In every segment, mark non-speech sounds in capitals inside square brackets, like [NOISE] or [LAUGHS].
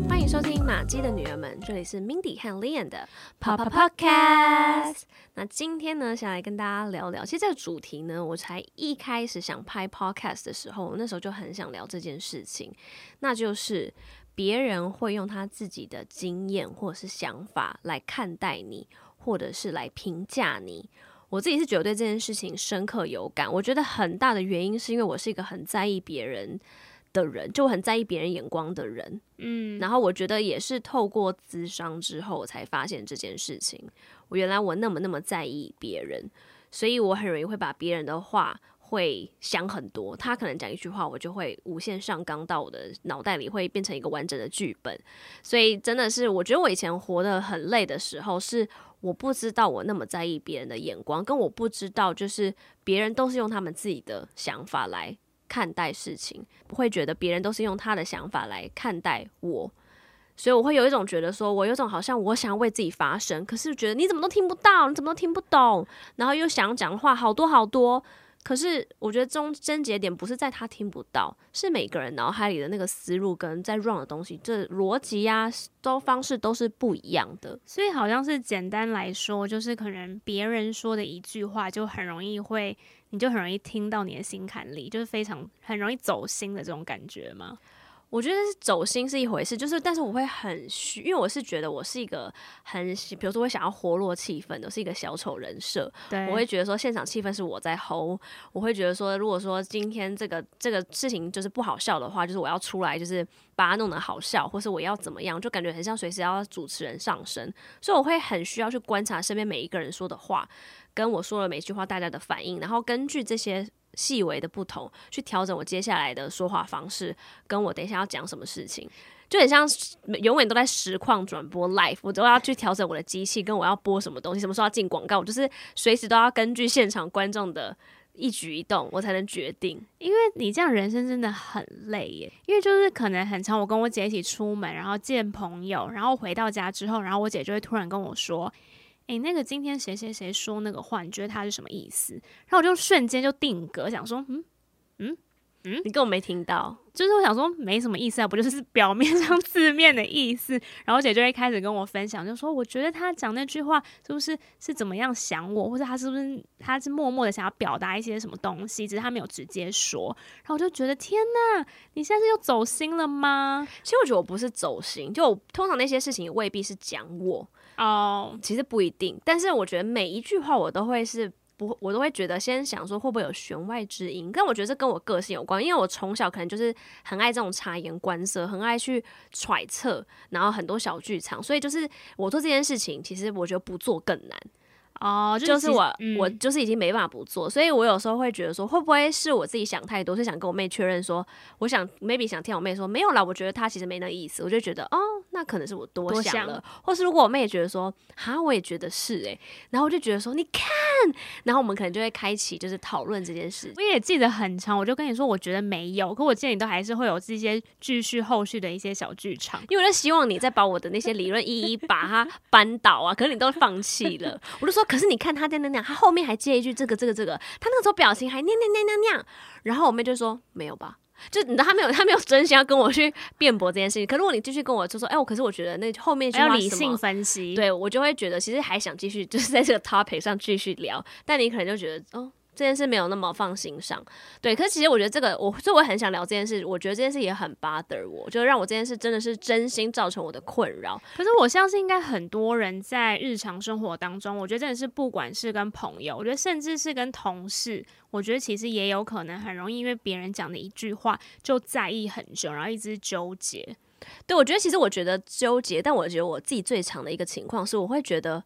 歡迎收聽《馬姬的女兒們》，這裡是 Mindy 和 Lian 的 Papa Podcast。 [NOISE] 那今天呢，想來跟大家聊聊，其實這個主題呢，我才一開始想拍 Podcast 的時候，那時候就很想聊這件事情，那就是別人會用他自己的經驗或者是想法來看待你。或者是來評價你，我自己是覺得對這件事情深刻有感。我覺得很大的原因是因為我是一個很在意別人的人，就很在意別人眼光的人。嗯，然後我覺得也是透過諮商之後才發現這件事情，我原來我那麼那麼在意別人，所以我很容易會把別人的話會想很多。他可能講一句話，我就會無限上綱到我的腦袋裡，會變成一個完整的劇本。所以真的是，我覺得我以前活得很累的時候是。我不知道我那麼在意別人的眼光，跟我不知道就是別人都是用他們自己的想法來看待事情，不會覺得別人都是用他的想法來看待我，所以我會有一種覺得說，我有一種好像我想為自己發聲，可是覺得你怎麼都聽不到，你怎麼都聽不懂，然後又想講話好多好多。可是我覺得症結點，不是在他聽不到，是每個人腦海裡的那個思路，跟在 run 的東西，這邏輯呀，都方式都是不一樣的。所以好像是簡單來說，就是可能別人說的一句話，就很容易會，你就很容易聽到你的心坎裡，就是非常很容易走心的這種感覺嗎？我覺得是走心是一回事，就是但是我會很需，因為我是覺得我是一個很，喜，比如說我想要活絡氣氛，都是一個小丑人設。對，我會覺得說現場氣氛是我在 hold，我會覺得說如果說今天這個這個事情就是不好笑的話，就是我要出來就是把它弄得好笑，或是我要怎麼樣，就感覺很像隨時要主持人上身，所以我會很需要去觀察身邊每一個人說的話，跟我說了每句話大家的反應，然後根據這些。細微的不同，去調整我接下來的說話方式，跟我等一下要講什麼事情，就很像永遠都在實況轉播 Live，我都要去調整我的機器，跟我要播什麼東西，什麼時候要進廣告，我就是隨時都要根據現場觀眾的一舉一動，我才能決定。因為你這樣人生真的很累耶，因為就是可能很常，我跟我姐一起出門，然後見朋友，然後回到家之後，然後我姐就會突然跟我說。誒、欸，那個今天誰誰誰說那個話，你覺得他是什麼意思？然後我就瞬間就定格，想說，嗯嗯嗯，你跟我沒聽到，就是我想說沒什麼意思啊，不就是表面上字面的意思？然後姐就會開始跟我分享，就說我覺得他講那句話是不是是怎麼樣想我，或者他是不是他是默默的想要表達一些什麼東西，只是他沒有直接說。然後我就覺得天哪，你現在是又走心了嗎？其實我覺得我不是走心，就通常那些事情未必是講我。哦、oh，其實不一定，但是我覺得每一句話我都會是不會，我都會覺得先想說會不會有弦外之音，但我覺得這跟我個性有關，因為我從小可能就是很愛這種察言觀色，很愛去揣測，然後很多小劇場，所以就是我做這件事情，其實我覺得不做更難。哦，就是、就是、我、嗯，我就是已經沒辦法不做，所以我有時候會覺得說，會不會是我自己想太多？所以想跟我妹確認說，我想 maybe 想聽我妹說沒有啦，我覺得她其實沒那意思，我就覺得哦，那可能是我多想了，或是如果我妹也覺得說，哈，我也覺得是哎、欸，然後我就覺得說，你看，然後我們可能就會開啟就是討論這件事。我也記得很長，我就跟你說，我覺得沒有，可我見你都還是會有這些繼續後續的一些小劇場， [LAUGHS] 因為我就希望你再把我的那些理論一一把它扳倒啊， [LAUGHS] 可能你都放棄了， [LAUGHS] 我就說。可是你看他在那那，他後面還接一句這個這個這個，他那個時候表情還釀釀釀釀釀，然後我妹就說沒有吧，就你知道他沒有他沒有真心要跟我去辯駁這件事情。可是如果你繼續跟我就說，說哎，我可是我覺得那後面那是要理性分析，對，我就會覺得其實還想繼續就是在這個 topic 上繼續聊，但你可能就覺得哦。這件事沒有那麼放心上，對。可是其實我覺得這個，我所以我很想聊這件事。我覺得這件事也很 bother 我，就讓我這件事真的是真心造成我的困擾。可是我相信，應該很多人在日常生活當中，我覺得真的是不管是跟朋友，我覺得甚至是跟同事，我覺得其實也有可能很容易因為別人講的一句話就在意很久，然後一直糾結。對，我覺得其實我覺得糾結，但我覺得我自己最常的一個情況是，我會覺得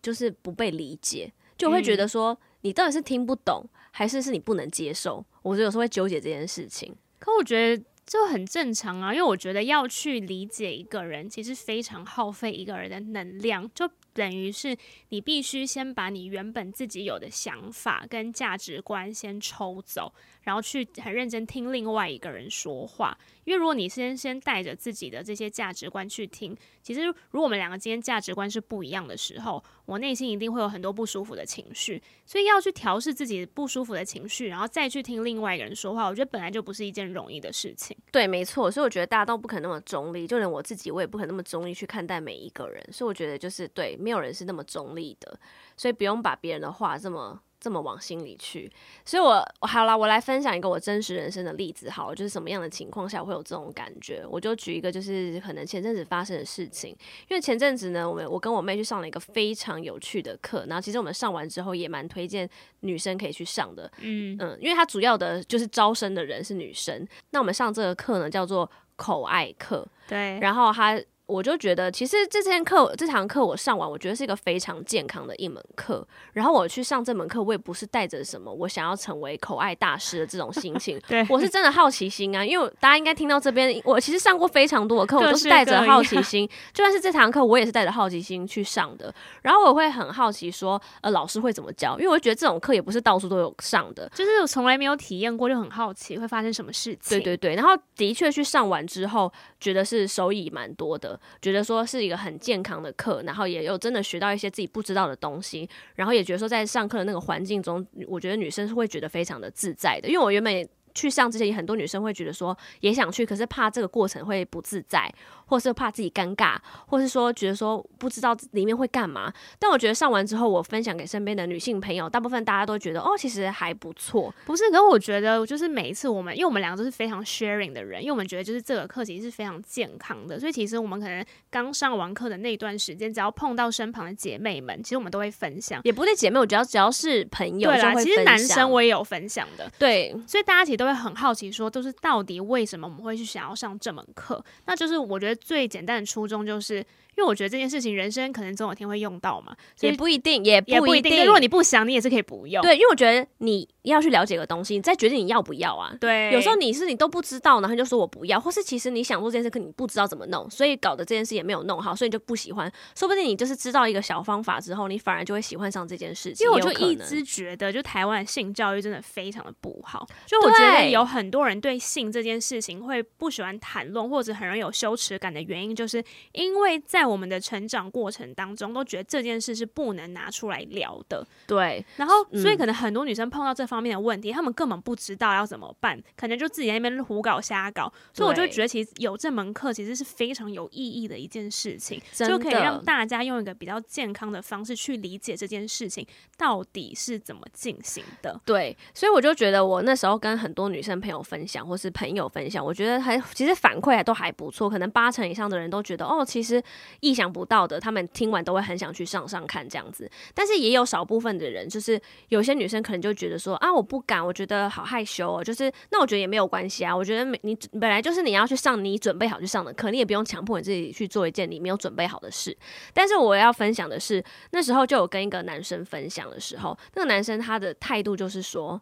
就是不被理解，就會覺得說。嗯你到底是聽不懂，還是是你不能接受？我覺得有時候會糾結這件事情。可我覺得就很正常啊，因為我覺得要去理解一個人，其實非常耗費一個人的能量。就。等於是你必須先把你原本自己有的想法跟價值觀先抽走，然後去很認真聽另外一個人說話。因為如果你先先帶着自己的這些價值觀去聽，其實如果我們兩個今天價值觀是不一樣的時候，我內心一定會有很多不舒服的情緒。所以要去調適自己不舒服的情緒，然後再去聽另外一個人說話，我覺得本來就不是一件容易的事情。對，沒錯。所以我覺得大家都不可能那麼中立，就連我自己，我也不可能那麼中立去看待每一個人。所以我覺得就是對。沒有人是那麼中立的，所以不用把別人的話這麼這麼往心裡去。所以我好了，我來分享一個我真實人生的例子。好，就是什麼樣的情況下我會有這種感覺？我就舉一個，就是可能前陣子發生的事情。因為前陣子呢，我們我跟我妹去上了一個非常有趣的課，然後其實我們上完之後也蠻推薦女生可以去上的。嗯，嗯，因為她主要的就是招生的人是女生。那我們上這個課呢，叫做口愛課。對，然後她。我就覺得，其實這節課這堂課我上完，我覺得是一個非常健康的一門課。然後我去上這門課，我也不是帶着什麼我想要成為口愛大師的這種心情。 [LAUGHS] 對，我是真的好奇心啊，因為大家應該聽到這邊，我其實上過非常多的課，我都是帶着好奇心。就算是這堂課，我也是帶着好奇心去上的。然後我會很好奇說，呃，老師會怎麼教？因為我覺得這種課也不是到處都有上的，就是我從來沒有體驗過，就很好奇會發生什麼事情。對對對。然後的確去上完之後，覺得是收益蠻多的。覺得說是一個很健康的課，然後也有真的學到一些自己不知道的東西，然後也覺得說在上課的那個環境中，我覺得女生是會覺得非常的自在的，因為我原本。去上之前，很多女生會覺得說也想去，可是怕這個過程會不自在，或是怕自己尷尬，或是說覺得說不知道裡面會幹嘛。但我覺得上完之後，我分享給身邊的女性朋友，大部分大家都覺得哦，其實還不錯。不是，可是我覺得就是每一次我們，因為我們兩個都是非常 sharing 的人，因為我們覺得就是這個課其實是非常健康的，所以其實我們可能剛上完課的那段時間，只要碰到身旁的姐妹們，其實我們都會分享，也不是姐妹，我覺得只要是朋友就會分享，對啦，其實男生我也有分享的，對，所以大家其實都。都會很好奇說，說就是到底為什麼我們會去想要上這門課？那就是我覺得最簡單的初衷就是。因為我覺得這件事情，人生可能總有一天會用到嘛，所以也不一定，也不一定，也不一定，對。如果你不想，你也是可以不用。對，因為我覺得你要去了解個東西，你再決定你要不要啊。對，有時候你是你都不知道，然後就說我不要，或是其實你想做這件事，可你不知道怎麼弄，所以搞的這件事也沒有弄好，所以你就不喜歡。說不定你就是知道一個小方法之後，你反而就會喜歡上這件事情。因為我就一直覺得，就台灣性教育真的非常的不好。就我覺得有很多人對性這件事情會不喜歡談論，或者很容易有羞恥感的原因，就是因為在。在我們的成長過程當中，都覺得這件事是不能拿出來聊的。對，然後所以可能很多女生碰到這方面的問題，嗯、她們根本不知道要怎麼辦，可能就自己在那邊胡搞瞎搞。所以我就覺得，其實有這門課其實是非常有意義的一件事情，就可以讓大家用一個比較健康的方式去理解這件事情到底是怎麼進行的。對，所以我就覺得，我那時候跟很多女生朋友分享，或是朋友分享，我覺得還其實反饋還都還不錯，可能八成以上的人都覺得，哦，其實。意想不到的，他們聽完都會很想去上上看這樣子，但是也有少部分的人，就是有些女生可能就覺得說，啊，我不敢，我覺得好害羞哦。就是那我覺得也沒有關係啊，我覺得你本來就是你要去上你準備好去上的課，你也不用強迫你自己去做一件你沒有準備好的事。但是我要分享的是，那時候就有跟一個男生分享的時候，那個男生他的態度就是說。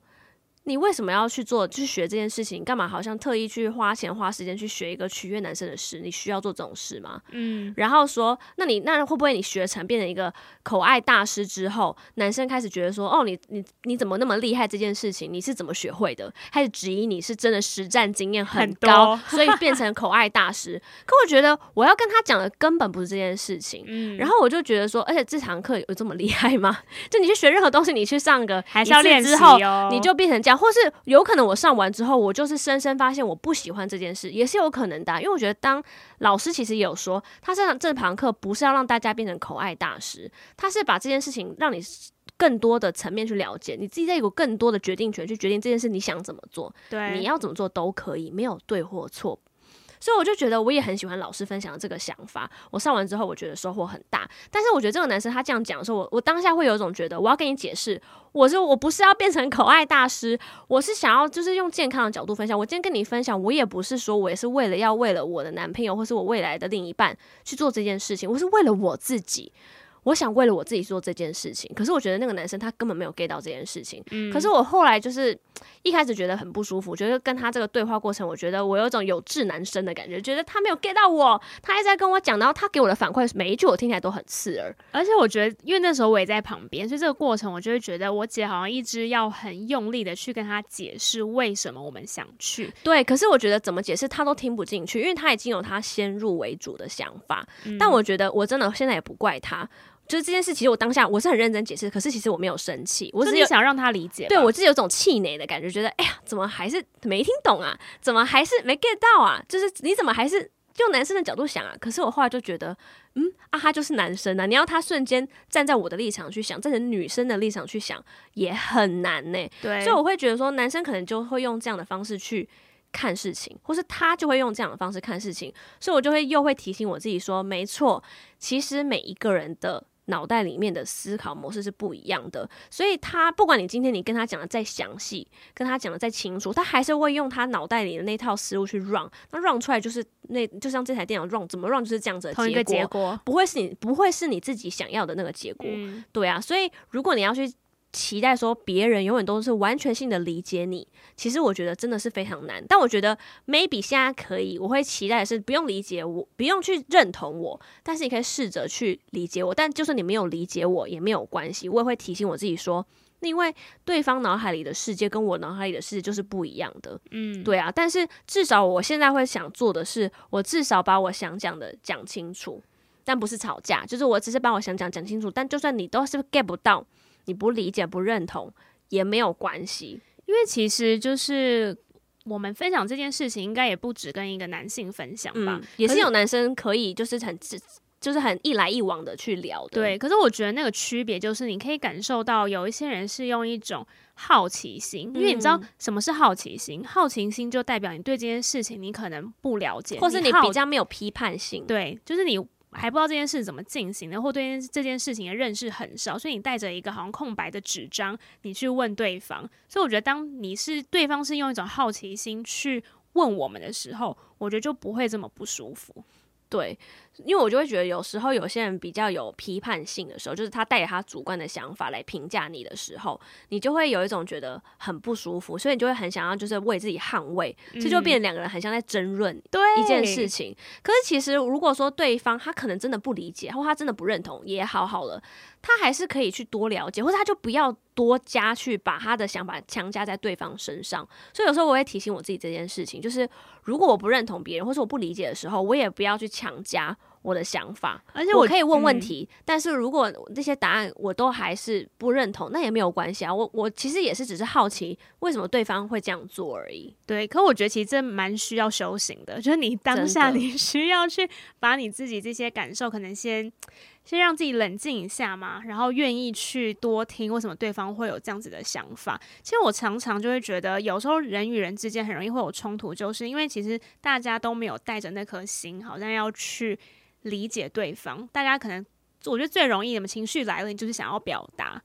你為什麼要去做去學這件事情？你幹嘛好像特意去花錢花時間去學一個取悅男生的事？你需要做這種事嗎？嗯。然後說，那你那會不會你學成變成一個口愛大師之後，男生開始覺得說，哦，你你你怎麼那麼厲害？這件事情你是怎麼學會的？開始質疑你是真的實戰經驗很高，很 [LAUGHS] 所以變成口愛大師。可我覺得我要跟他講的根本不是這件事情。嗯。然後我就覺得說，而且這堂課有這麼厲害嗎？就你去學任何東西，你去上個還是要練之後，哦，你就變成教。或是有可能，我上完之後，我就是深深發現我不喜歡這件事，也是有可能的啊。因為我覺得，當老師其實也有說，他上這堂課不是要讓大家變成口愛大師，他是把這件事情讓你更多的層面去了解，你自己再有更多的決定權去決定這件事，你想怎麼做，對，你要怎麼做都可以，沒有對或錯。所以我就覺得，我也很喜歡老師分享這個想法。我上完之後，我覺得收穫很大。但是我覺得這個男生他這樣講的時候，我我當下會有一種覺得，我要跟你解釋，我說我不是要變成口愛大師，我是想要就是用健康的角度分享。我今天跟你分享，我也不是說我也是為了要為了我的男朋友或是我未來的另一半去做這件事情，我是為了我自己。我想為了我自己做這件事情，可是我覺得那個男生他根本沒有 get 到這件事情。嗯。可是我後來就是一開始覺得很不舒服，覺得跟他這個對話過程，我覺得我有一種有志男生的感覺，覺得他沒有 get 到我。他一直在跟我講，然後他給我的反饋每一句我聽起來都很刺耳，而且我覺得，因為那時候我也在旁邊，所以這個過程我就會覺得我姐好像一直要很用力的去跟他解釋為什麼我們想去。嗯。對，可是我覺得怎麼解釋他都聽不進去，因為他已經有他先入為主的想法。嗯。但我覺得我真的現在也不怪他。就是這件事，其實我當下我是很認真解釋，可是其實我沒有生氣，我只是想讓他理解。對，我自己有種氣餒的感覺，覺得哎呀，怎麼還是沒聽懂啊？怎麼還是沒 get 到啊？就是你怎麼還是用男生的角度想啊？可是我後來就覺得，嗯，啊哈，就是男生呢，啊，你要他瞬間站在我的立場去想，站在女生的立場去想也很難呢，欸。對，所以我會覺得說，男生可能就會用這樣的方式去看事情，或是他就會用這樣的方式看事情，所以我就會又會提醒我自己說，沒錯，其實每一個人的。腦袋裡面的思考模式是不一樣的，所以他不管你今天你跟他講的再詳細，跟他講的再清楚，他還是會用他腦袋裡的那套思路去 run，那 run 出來就是那，就像這台電腦 run，怎麼 run 就是這樣子的，的結果，不會是你不會是你自己想要的那個結果，嗯、對啊，所以如果你要去。期待說別人永遠都是完全性的理解你，其實我覺得真的是非常難。但我覺得 maybe 現在可以，我會期待的是不用理解我，不用去認同我，但是你可以試着去理解我。但就算你沒有理解我也沒有關係，我也會提醒我自己說，因為對方腦海裡的世界跟我腦海裡的世界就是不一樣的。嗯，對啊。但是至少我現在會想做的是，我至少把我想講的講清楚，但不是吵架，就是我只是把我想講講清楚。但就算你都是 get 不到。你不理解，不認同也沒有關係，因為其實就是我們分享這件事情，應該也不止跟一個男性分享吧。嗯、可是也是有男生可以就是很就是很一來一往的去聊。對，對可是我覺得那個區別就是，你可以感受到有一些人是用一種好奇心。嗯、因為你知道什麼是好奇心？嗯，好奇心就代表你對這件事情你可能不了解，或是你比較沒有批判性。對，就是你。還不知道這件事怎麼進行的，或對這這件事情的認識很少，所以你帶着一個好像空白的紙張，你去問對方。所以我覺得，當你是對方是用一種好奇心去問我們的時候，我覺得就不會這麼不舒服，對。因為我就會覺得，有時候有些人比較有批判性的時候，就是他帶着他主觀的想法來評價你的時候，你就會有一種覺得很不舒服，所以你就會很想要就是為自己捍衛，這就變成兩個人很像在爭論一件事情，嗯。可是其實如果說對方他可能真的不理解，或他真的不認同也好好了，他還是可以去多了解，或者他就不要多加去把他的想法強加在對方身上。所以有時候我會提醒我自己這件事情，就是如果我不認同別人，或是我不理解的時候，我也不要去強加。我的想法，而且我，我可以問問題，嗯，但是如果這些答案我都還是不認同，那也沒有關係啊。我我其實也是只是好奇，為什麼對方會這樣做而已。對，可我覺得其實這蠻需要修行的，就是你當下你需要去把你自己這些感受可能先先讓自己冷靜一下嘛，然後願意去多聽為什麼對方會有這樣子的想法。其實我常常就會覺得，有時候人與人之間很容易會有衝突，就是因為其實大家都沒有帶着那顆心，好像要去。理解對方，大家可能我覺得最容易，你們情緒來了，你就是想要表達，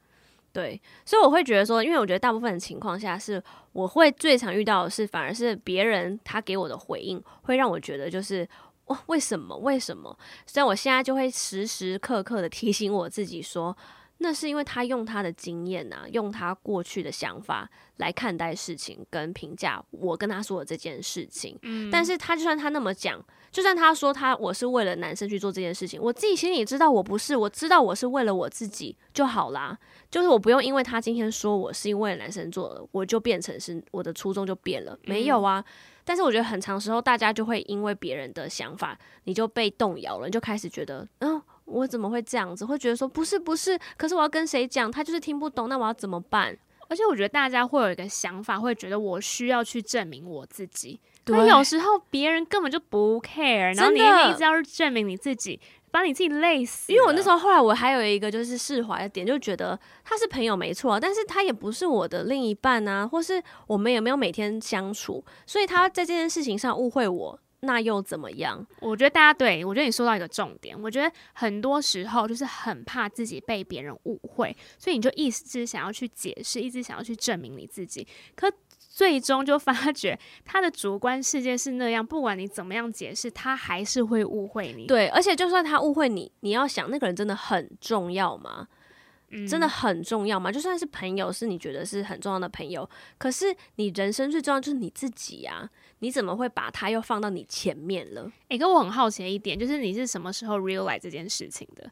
對，所以我會覺得說，因為我覺得大部分情況下是，我會最常遇到的是，反而是別人他給我的回應，會讓我覺得就是哇、哦，為什麼，為什麼？所以我現在就會時時刻刻的提醒我自己說。那是因為他用他的經驗啊，用他過去的想法來看待事情跟評價我跟他說的這件事情。嗯，但是他就算他那麼講，就算他說他我是為了男生去做這件事情，我自己心裡知道我不是，我知道我是為了我自己就好啦。就是我不用因為他今天說我是因為男生做了，我就變成是我的初衷就變了。沒有啊、嗯？但是我覺得很常時候大家就會因為別人的想法，你就被動搖了，你就開始覺得嗯。我怎麼會這樣子？會覺得說不是不是，可是我要跟誰講？他就是聽不懂，那我要怎麼辦？而且我覺得大家會有一個想法，會覺得我需要去證明我自己。對，有時候別人根本就不 care，然後你你一直要去證明你自己，把你自己累死。因為我那時候後來我還有一個就是釋懷的點，就覺得他是朋友沒錯啊，但是他也不是我的另一半啊，或是我們也沒有每天相處，所以他在這件事情上誤會我。那又怎麼樣？我覺得大家，對，我覺得你說到一個重點。我覺得很多時候就是很怕自己被別人誤會，所以你就一直想要去解釋，一直想要去證明你自己。可最終就發覺他的主觀世界是那樣，不管你怎麼樣解釋，他還是會誤會你。對，而且就算他誤會你，你要想那個人真的很重要嗎？嗯、真的很重要嗎？就算是朋友，是你覺得是很重要的朋友，可是你人生最重要的就是你自己呀、啊！你怎麼會把他又放到你前面了？誒、欸，可我很好奇一點，就是你是什麼時候 realize 這件事情的？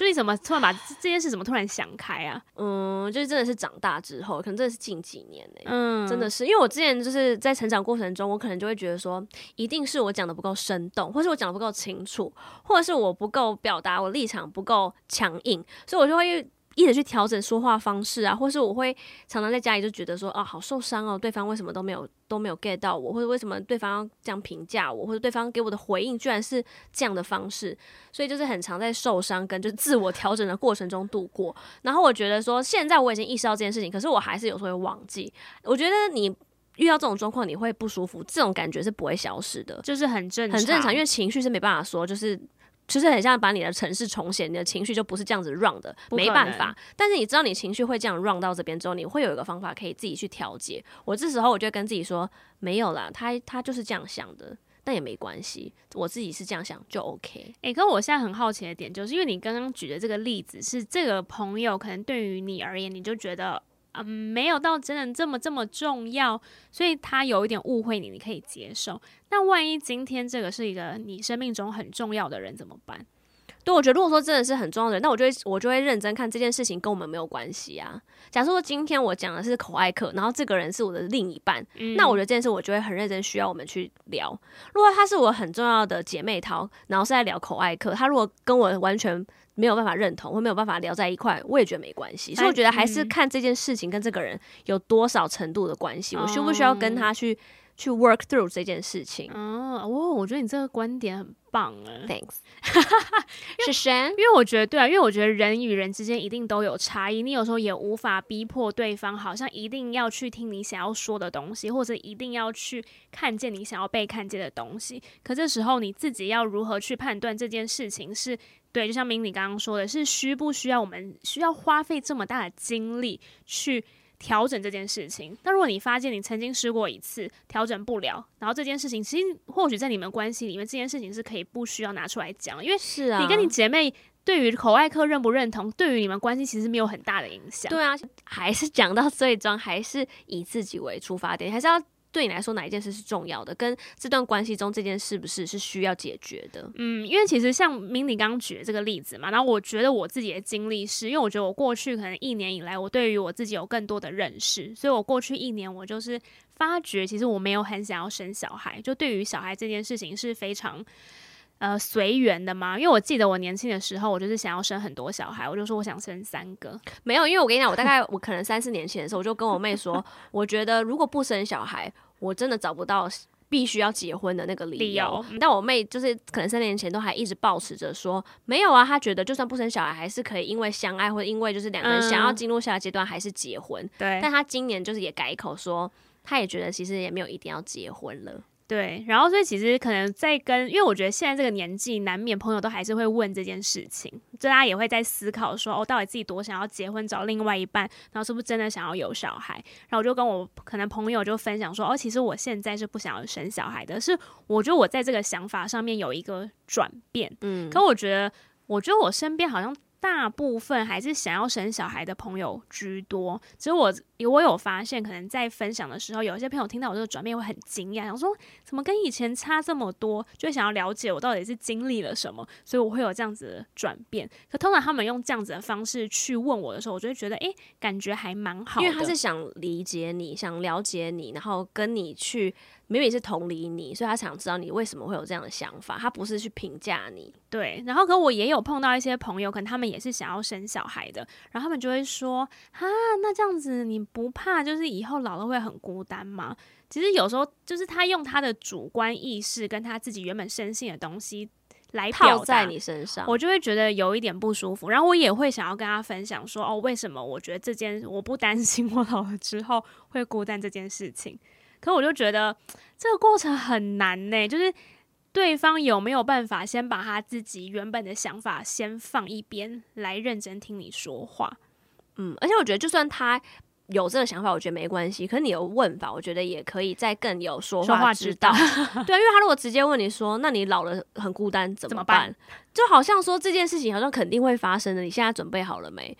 所以，怎麼突然把這件事怎麼突然想開啊？嗯，就是真的是長大之後，可能真的是近幾年、欸、嗯，真的是因為我之前就是在成長過程中，我可能就會覺得說，一定是我講得不夠生動，或是我講得不夠清楚，或者是我不夠表達，我立場不夠強硬，所以我就會。一直去調整說話方式啊，或是我會常常在家裡就覺得說啊，好受傷哦，對方為什麼都沒有都沒有 get 到我，或者為什麼對方要這樣評價我，或者對方給我的回應居然是這樣的方式，所以就是很常在受傷跟就自我調整的過程中度過。 [LAUGHS] 然後我覺得說現在我已經意識到這件事情，可是我還是有時候會忘記。我覺得你遇到這種狀況你會不舒服，這種感覺是不會消失的，就是很正常很正常，因為情緒是沒辦法說，就是。其實很像把你的程式重寫，你的情緒就不是這樣子 run 的，沒辦法。但是你知道你情緒會這樣 run 到這邊之後，你會有一個方法可以自己去調節。我這時候我就跟自己說，沒有啦，他他就是這樣想的，但也沒關係，我自己是這樣想就 OK。欸，可我現在很好奇的點就是，因為你剛剛舉的這個例子，是這個朋友可能對於你而言，你就覺得。嗯，沒有到真的這麼這麼重要，所以他有一點誤會你，你可以接受。那萬一今天這個是一個你生命中很重要的人怎麼辦？對，我覺得如果說真的是很重要的人，那我就會我就會認真看這件事情跟我們沒有關係啊。假設說今天我講的是口愛課，然後這個人是我的另一半、嗯，那我覺得這件事我就會很認真，需要我們去聊。如果他是我很重要的姐妹淘，然後是在聊口愛課，他如果跟我完全。沒有辦法認同，或沒有辦法聊在一塊，我也覺得沒關係。所以我覺得還是看這件事情跟這個人有多少程度的關係，嗯、我需不需要跟他去。去 work through 這件事情。哦，我覺得你這個觀點很棒，啊。Thanks。是因為我覺得對啊，因為我覺得人與人之間一定都有差異，你有時候也無法逼迫對方，好像一定要去聽你想要說的東西，或者一定要去看見你想要被看見的東西。可是這時候你自己要如何去判斷這件事情是對？就像明你剛剛說的，是需不需要我們需要花費這麼大的精力去？調整這件事情，但如果你發現你曾經試過一次調整不了，然後這件事情其實或許在你們關係裡面，這件事情是可以不需要拿出來講，因為是啊，你跟你姐妹對於口愛課認不認同，對於你們關係其實沒有很大的影響。對啊，還是講到最終，還是以自己為出發點，還是要。對你來說哪一件事是重要的？跟這段關係中這件事不是是需要解決的。嗯，因為其實像明你剛剛舉的這個例子嘛，然後我覺得我自己的經歷是，因為我覺得我過去可能一年以來，我對於我自己有更多的認識，所以我過去一年我就是發覺，其實我沒有很想要生小孩，就對於小孩這件事情是非常。呃，隨緣的嗎？因為我記得我年輕的時候，我就是想要生很多小孩，我就說我想生三個。沒有，因為我跟你講，我大概我可能三， [LAUGHS] 三四年前的時候，我就跟我妹說， [LAUGHS] 我覺得如果不生小孩，我真的找不到必須要結婚的那個理由，理由。但我妹就是可能三年前都還一直抱持着說，沒有啊，她覺得就算不生小孩，還是可以因為相愛或者因為就是兩個人想要進入下階段，還是結婚。對、嗯。但她今年就是也改口說，她也覺得其實也沒有一定要結婚了。對，然後所以其實可能在跟，因為我覺得現在這個年紀，難免朋友都還是會問這件事情，就大家也會在思考說，哦，到底自己多想要結婚找另外一半，然後是不是真的想要有小孩？然後我就跟我可能朋友就分享說，哦，其實我現在是不想要生小孩的，是我覺得我在這個想法上面有一個轉變，嗯，可我覺得，我覺得我身邊好像。大部分還是想要生小孩的朋友居多。其實我我有發現，可能在分享的時候，有一些朋友聽到我這個轉變會很驚訝，想說怎麼跟以前差這麼多，就想要了解我到底是經歷了什麼，所以我會有這樣子的轉變。可通常他們用這樣子的方式去問我的時候，我就會覺得欸，感覺還蠻好，因為他是想理解你，想了解你，然後跟你去。明明是同理你，所以他想知道你為什麼會有這樣的想法。他不是去評價你，對。然後，可我也有碰到一些朋友，可能他們也是想要生小孩的，然後他們就會說：“啊，那這樣子你不怕就是以後老了會很孤單嗎？”其實有時候就是他用他的主觀意識跟他自己原本深信的東西來套在你身上，我就會覺得有一點不舒服。然後我也會想要跟他分享說：“哦，為什麼我覺得這件我不擔心我老了之後會孤單這件事情？”可我就覺得這個過程很難呢、欸，就是對方有沒有辦法先把他自己原本的想法先放一邊，來認真聽你說話。嗯，而且我覺得就算他有這個想法，我覺得沒關係。可是你有問法，我覺得也可以再更有說話之道。之道 [LAUGHS] 對，因為他如果直接問你說：“那你老了很孤單怎麼，怎麼辦？”就好像說這件事情好像肯定會發生的，你現在準備好了沒？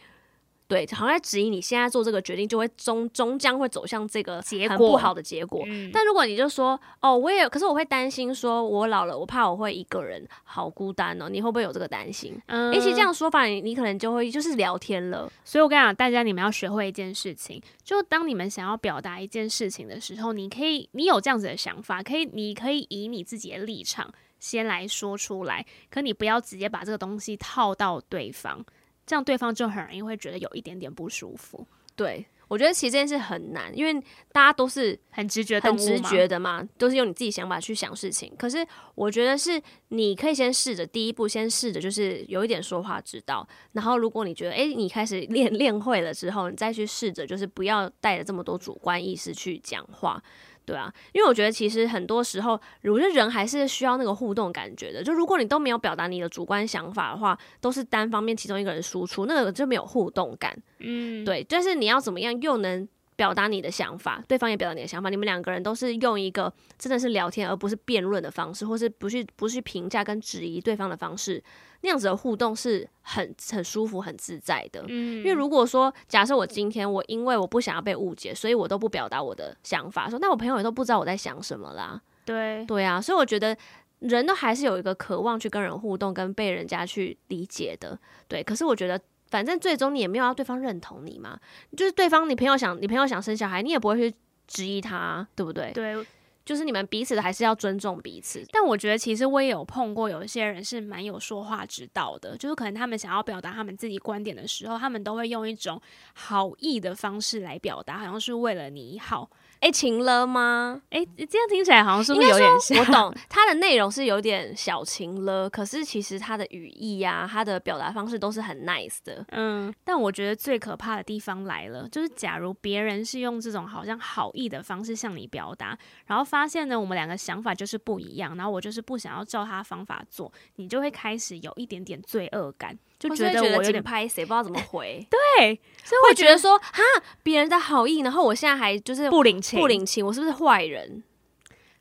對，好像在指引你現在做這個決定，就會終終將會走向這個結果。不好的結果，結果。但如果你就說哦，我也，可是我會擔心說，我老了，我怕我會一個人，好孤單哦。你會不會有這個擔心？嗯，欸，其實這樣說法你，你你可能就會就是聊天了。所以我跟你講，大家你們要學會一件事情，就當你們想要表達一件事情的時候，你可以，你有這樣子的想法，可以，你可以以你自己的立場先來說出來，可你不要直接把這個東西套到對方。這樣對方就很容易會覺得有一點點不舒服。對，我覺得其實這件事很難，因為大家都是很直覺、很直覺的嘛，都是用你自己想法去想事情。可是我覺得是你可以先試着第一步，先試着就是有一點說話之道，然後如果你覺得誒、欸、你開始練練會了之後，你再去試着就是不要帶着這麼多主觀意識去講話。對啊，因為我覺得其實很多時候，如果是人還是需要那個互動感覺的，就如果你都沒有表達你的主觀想法的話，都是單方面其中一個人輸出，那個就沒有互動感。嗯，對。但是就是你要怎麼樣又能？表達你的想法，對方也表達你的想法，你們兩個人都是用一個真的是聊天，而不是辯論的方式，或是不去不去評價跟質疑對方的方式，那樣子的互動是很很舒服、很自在的。嗯，因為如果說假設我今天我因為我不想要被誤解，所以我都不表達我的想法，說那我朋友也都不知道我在想什麼啦。對對啊，所以我覺得人都還是有一個渴望去跟人互動，跟被人家去理解的。對，可是我覺得。反正最終你也沒有要對方認同你嘛，就是對方你朋友想你朋友想生小孩，你也不會去質疑他，對不對？對，就是你們彼此的還是要尊重彼此。但我覺得其實我也有碰過有一些人是蠻有說話之道的，就是可能他們想要表達他們自己觀點的時候，他們都會用一種好意的方式來表達，好像是為了你好。誒、欸，情勒嗎？哎、欸，這樣聽起來好像是不是有點像？我懂，它的內容是有點小情勒， [LAUGHS] 可是其實它的語義呀、啊，它的表達方式都是很 nice 的。嗯，但我覺得最可怕的地方來了，就是假如別人是用這種好像好意的方式向你表達，然後發現呢，我們兩個想法就是不一樣，然後我就是不想要照他方法做，你就會開始有一點點罪惡感。就覺得我有點拍誰，不知道怎麼回， [LAUGHS] 對，所以會覺、覺得說，哈，別人的好意，然後我現在還就是不領情，不領情，我是不是壞人？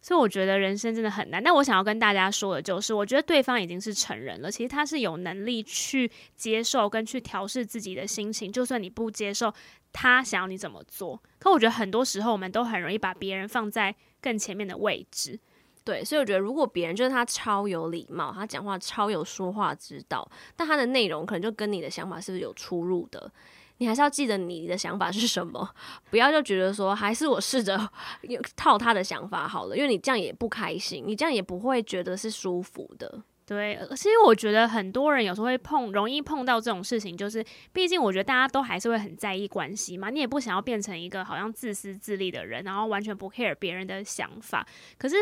所以我覺得人生真的很難。那我想要跟大家說的就是，我覺得對方已經是成人了，其實他是有能力去接受跟去調適自己的心情，就算你不接受，他想要你怎麼做？可我覺得很多時候我們都很容易把別人放在更前面的位置。對，所以我覺得，如果別人就是他超有禮貌，他講話超有說話之道，但他的內容可能就跟你的想法是，是有出入的，你還是要記得你的想法是什麼，不要就覺得說還是我試着套他的想法好了，因為你這樣也不開心，你這樣也不會覺得是舒服的。對，其實我覺得很多人有時候會碰，容易碰到這種事情，就是畢竟我覺得大家都還是會很在意關係嘛，你也不想要變成一個好像自私自利的人，然後完全不 care 別人的想法，可是。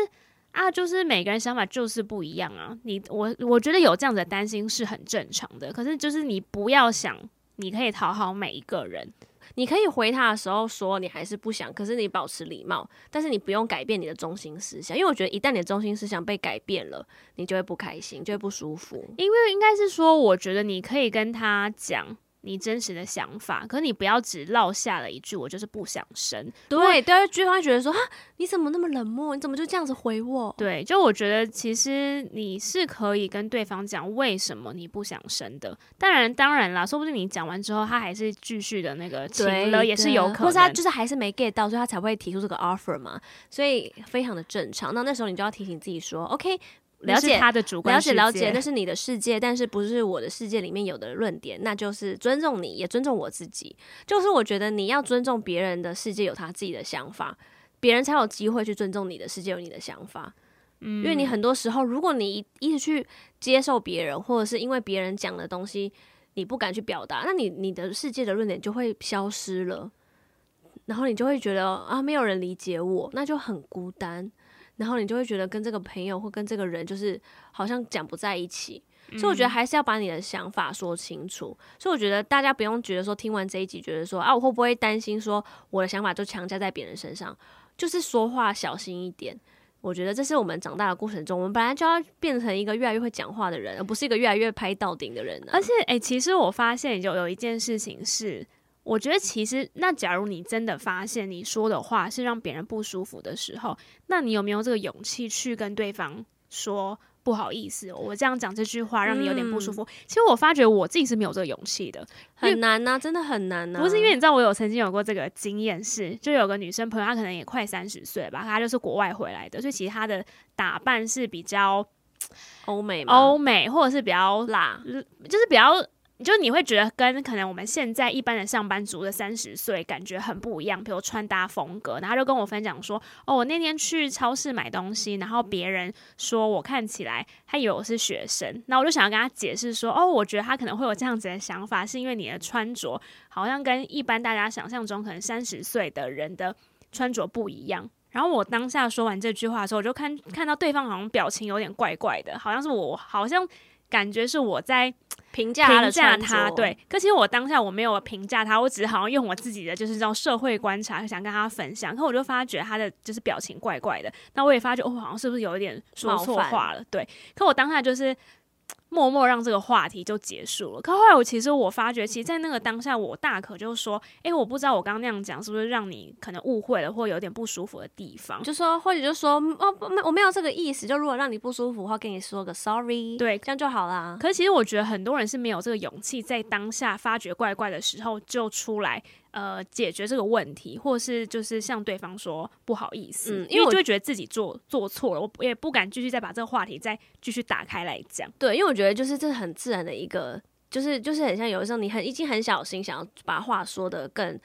啊，就是每個人想法就是不一樣啊！你我我覺得有這樣子的擔心是很正常的，可是就是你不要想你可以討好每一個人，你可以回他的時候說你還是不想，可是你保持禮貌，但是你不用改變你的中心思想，因為我覺得一旦你的中心思想被改變了，你就會不開心，就會不舒服。因為應該是說，我覺得你可以跟他講。你真實的想法，可是你不要只落下了一句“我就是不想生”。對。對，對，對方會覺得說：“哈，你怎麼那麼冷漠？你怎麼就這樣子回我？”對，就我覺得其實你是可以跟對方講為什麼你不想生的。當然，當然啦，說不定你講完之後，他還是繼續的那個，其實也是有可能。或者他就是還是沒 get 到，所以他才會提出這個 offer 嘛。所以非常的正常。那那時候你就要提醒自己說：“OK。”了解他的主觀世界了解，了解，那是你的世界，但是不是我的世界裡面有的論點，那就是尊重你，也尊重我自己。就是我覺得你要尊重別人的世界，有他自己的想法，別人才有機會去尊重你的世界，有你的想法。嗯，因為你很多時候，如果你一直去接受別人，或者是因為別人講的東西，你不敢去表達，那你你的世界的論點就會消失了，然後你就會覺得啊，沒有人理解我，那就很孤單。然後你就會覺得跟這個朋友或跟這個人就是好像講不在一起。嗯，所以我覺得還是要把你的想法說清楚。所以我覺得大家不用覺得說聽完這一集覺得說，啊，我會不會擔心說我的想法就強加在別人身上，就是說話小心一點。我覺得這是我們長大的過程中，我們本來就要變成一個越來越會講話的人，而不是一個越來越拍到頂的人啊。而且誒、欸，其實我發現就有一件事情是，我覺得其實，那假如你真的發現你說的話是讓別人不舒服的時候，那你有沒有這個勇氣去跟對方說不好意思？我這樣講這句話讓你有點不舒服、嗯。其實我發覺我自己是沒有這個勇氣的，很難吶、啊，真的很難吶、啊。不是因為你知道，我有曾經有過這個經驗，是就有個女生朋友，她可能也快三十歲吧，她就是國外回來的，所以其實她的打扮是比較歐美嘛，歐美或者是比較辣，就是比較。就你會覺得跟可能我們現在一般的上班族的三十歲感覺很不一樣，比如穿搭風格。然後他就跟我分享說：“哦，我那天去超市買東西，然後別人說我看起來，他以為我是學生。”那我就想要跟他解釋說：“哦，我覺得他可能會有這樣子的想法，是因為你的穿着好像跟一般大家想象中可能三十歲的人的穿着不一樣。”然後我當下說完這句話的時候，我就看看到對方好像表情有點怪怪的，好像是我，好像感覺是我在。評價了他，對。可其實我當下我沒有評價他，我只是好像用我自己的就是這種社會觀察想跟他分享。可我就發覺他的就是表情怪怪的，那我也發覺我、哦、好像是不是有一點說錯話了？對。可我當下就是。默默讓這個話題就結束了。可後來我其實我發覺，其實在那個當下，我大可就說：“哎、欸，我不知道我剛剛那樣講是不是讓你可能誤會了，或有點不舒服的地方。”就說或者就說：“哦，沒，我沒有這個意思。”就如果讓你不舒服的話，跟你說個 sorry，對，這樣就好啦。可是其實我覺得很多人是沒有這個勇氣，在當下發覺怪怪的時候就出來呃解決這個問題，或是就是向對方說不好意思，嗯，因為我……因為就會覺得自己做做錯了，我也不敢繼續再把這個話題再繼續打開來講。對，因為我。覺得就是這是很自然的一個，就是就是很像有的時候你很，你已經很小心，想要把話說的更。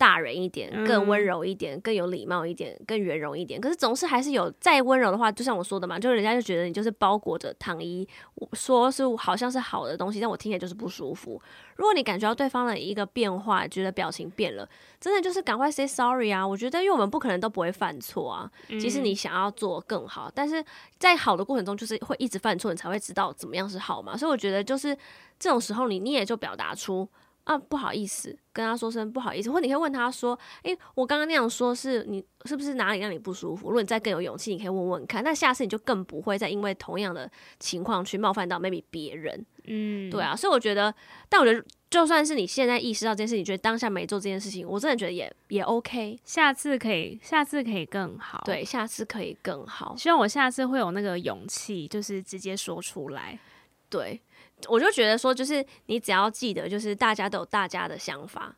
大人一點，更溫柔一點，更有禮貌一點，更圓融一點。可是總是還是有，再溫柔的話，就像我說的嘛，就人家就覺得你就是包裹着糖衣，說是好像是好的東西，但我聽起來就是不舒服。如果你感覺到對方的一個變化，覺得表情變了，真的就是趕快 say sorry 啊！我覺得，因為我們不可能都不會犯錯啊。其實你想要做更好，但是在好的過程中，就是會一直犯錯，你才會知道怎麼樣是好嘛。所以我覺得，就是這種時候你，你你也就表達出。啊，不好意思，跟他說聲不好意思，或者你可以問他說：“誒、欸，我剛剛那樣說是，是你是不是哪裡讓你不舒服？”如果你再更有勇氣，你可以問問看。那下次你就更不會再因為同樣的情況去冒犯到 maybe 別人。嗯，對啊，所以我覺得，但我覺得就算是你現在意識到這件事，你覺得當下沒做這件事情，我真的覺得也也 OK。下次可以，下次可以更好。對，下次可以更好。希望我下次會有那個勇氣，就是直接說出來。對。我就覺得說，就是你只要記得，就是大家都有大家的想法，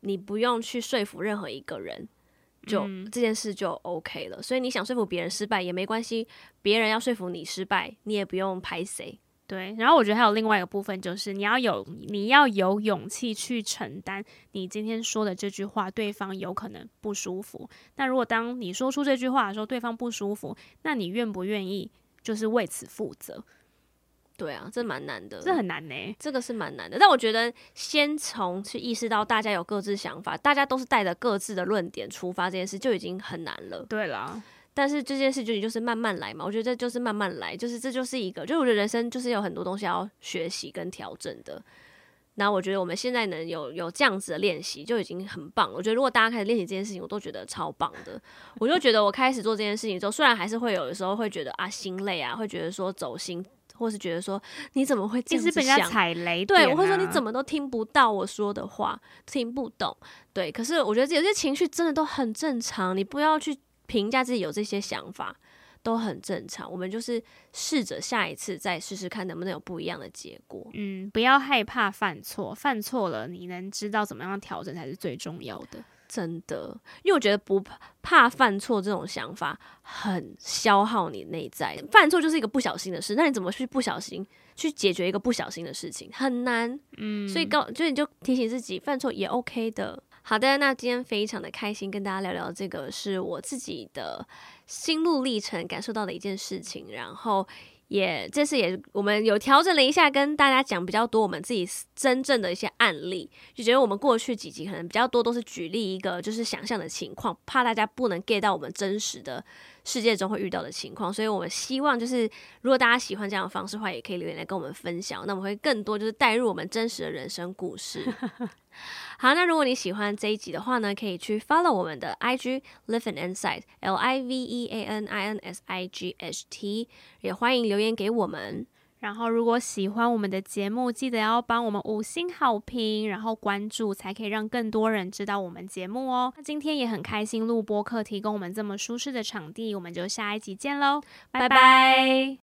你不用去說服任何一個人，就、嗯、這件事就 OK 了。所以你想說服別人失敗也沒關係，別人要說服你失敗，你也不用拍誰。對。然後我覺得還有另外一個部分，就是你要有你要有勇氣去承擔你今天說的這句話，對方有可能不舒服。那如果當你說出這句話的時候，對方不舒服，那你願不願意就是為此負責？對啊，這蠻難的，這很難呢，欸。這個是蠻難的，但我覺得先從去意識到大家有各自想法，大家都是帶着各自的論點出發這件事就已經很難了。對了，但是這件事情就是慢慢來嘛。我覺得這就是慢慢來，就是這就是一個，就我覺得人生就是有很多東西要學習跟調整的。那我覺得我們現在能有有這樣子的練習就已經很棒了。我覺得如果大家開始練習這件事情，我都覺得超棒的。 [LAUGHS] 我就覺得我開始做這件事情之後，雖然還是會有的時候會覺得啊，心累啊，會覺得說走心。或是覺得說你怎麼會一直被人家踩雷？啊、對，我會說你怎麼都聽不到我說的話，聽不懂。對，可是我覺得有些情緒真的都很正常，你不要去評價自己有這些想法，都很正常。我們就是試着下一次再試試看能不能有不一樣的結果。嗯，不要害怕犯錯，犯錯了你能知道怎麼樣調整才是最重要的。真的，因為我覺得不怕犯錯這種想法很消耗你內在。犯錯就是一個不小心的事，那你怎麼去不小心去解決一個不小心的事情很難。嗯，所以告就你就提醒自己犯錯也 OK 的。好的，那今天非常的開心跟大家聊聊這個是我自己的心路歷程感受到的一件事情，然後。也、yeah, 這次也我們有調整了一下，跟大家講比較多我們自己真正的一些案例，就覺得我們過去幾集可能比較多都是舉例一個就是想象的情況，怕大家不能 get 到我們真實的。世界中會遇到的情況，所以我們希望就是，如果大家喜歡這樣的方式的話，也可以留言來跟我們分享。那我們會更多就是帶入我們真實的人生故事。 [LAUGHS] 好，那如果你喜歡這一集的話呢，可以去 follow 我們的 IG Live an Insight L I V E A N I N S I G H T，也歡迎留言給我們。然後，如果喜歡我們的節目，記得要幫我們五星好評，然後關注，才可以讓更多人知道我們節目哦。那今天也很開心錄播客，提供我們這麼舒適的場地，我們就下一集見嘍，拜拜。